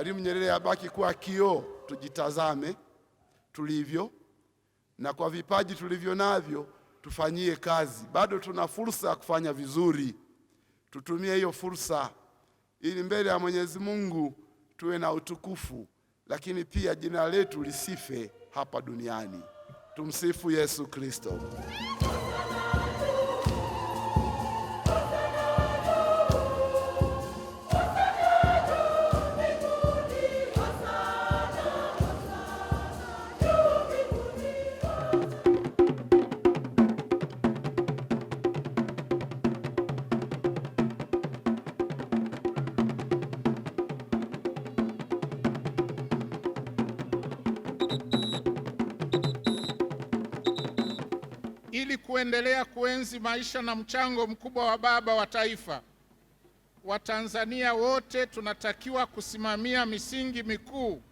Mwalimu Nyerere abaki kuwa kioo, tujitazame tulivyo na kwa vipaji tulivyo navyo tufanyie kazi. Bado tuna fursa ya kufanya vizuri, tutumie hiyo fursa ili mbele ya Mwenyezi Mungu tuwe na utukufu, lakini pia jina letu lisife hapa duniani. Tumsifu Yesu Kristo. ili kuendelea kuenzi maisha na mchango mkubwa wa baba wa taifa, Watanzania wote tunatakiwa kusimamia misingi mikuu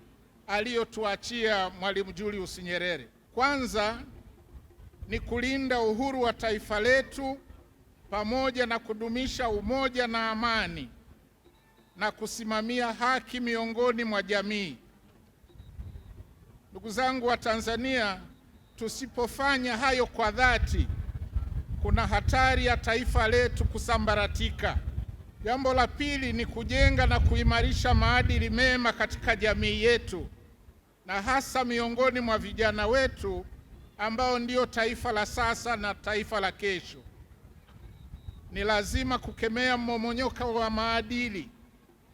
aliyotuachia Mwalimu Julius Nyerere. Kwanza ni kulinda uhuru wa taifa letu pamoja na kudumisha umoja na amani na kusimamia haki miongoni mwa jamii. Ndugu zangu wa Tanzania, Tusipofanya hayo kwa dhati, kuna hatari ya taifa letu kusambaratika. Jambo la pili ni kujenga na kuimarisha maadili mema katika jamii yetu na hasa miongoni mwa vijana wetu ambao ndio taifa la sasa na taifa la kesho. Ni lazima kukemea mmomonyoko wa maadili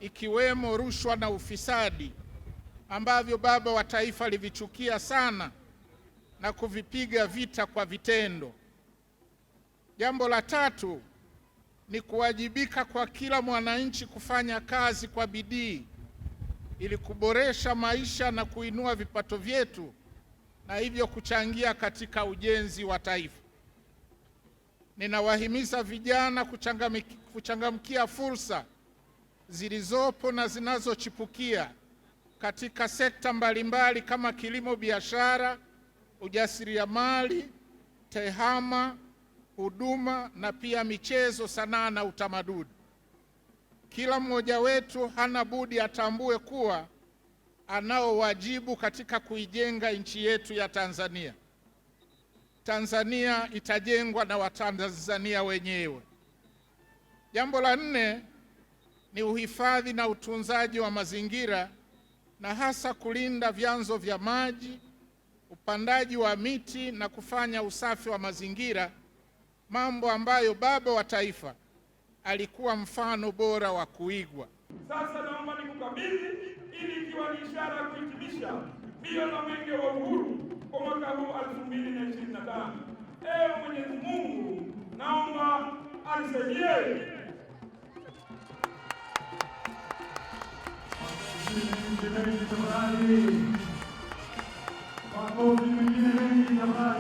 ikiwemo rushwa na ufisadi ambavyo baba wa taifa alivichukia sana na kuvipiga vita kwa vitendo. Jambo la tatu ni kuwajibika kwa kila mwananchi kufanya kazi kwa bidii ili kuboresha maisha na kuinua vipato vyetu na hivyo kuchangia katika ujenzi wa taifa. Ninawahimiza vijana kuchangamkia fursa zilizopo na zinazochipukia katika sekta mbalimbali kama kilimo, biashara ujasiriamali, tehama, huduma na pia michezo, sanaa na utamaduni. Kila mmoja wetu hana budi atambue kuwa anao wajibu katika kuijenga nchi yetu ya Tanzania. Tanzania itajengwa na Watanzania wenyewe. Jambo la nne ni uhifadhi na utunzaji wa mazingira na hasa kulinda vyanzo vya maji upandaji wa miti na kufanya usafi wa mazingira, mambo ambayo baba wa taifa alikuwa mfano bora wa kuigwa. Sasa naomba nikukabidhi ili ikiwa ni ishara ya kuhitimisha mbio na mwenge wa uhuru kwa mwaka huu 2025. Ewe Mwenyezi Mungu, naomba alisaidie Oh, Amen.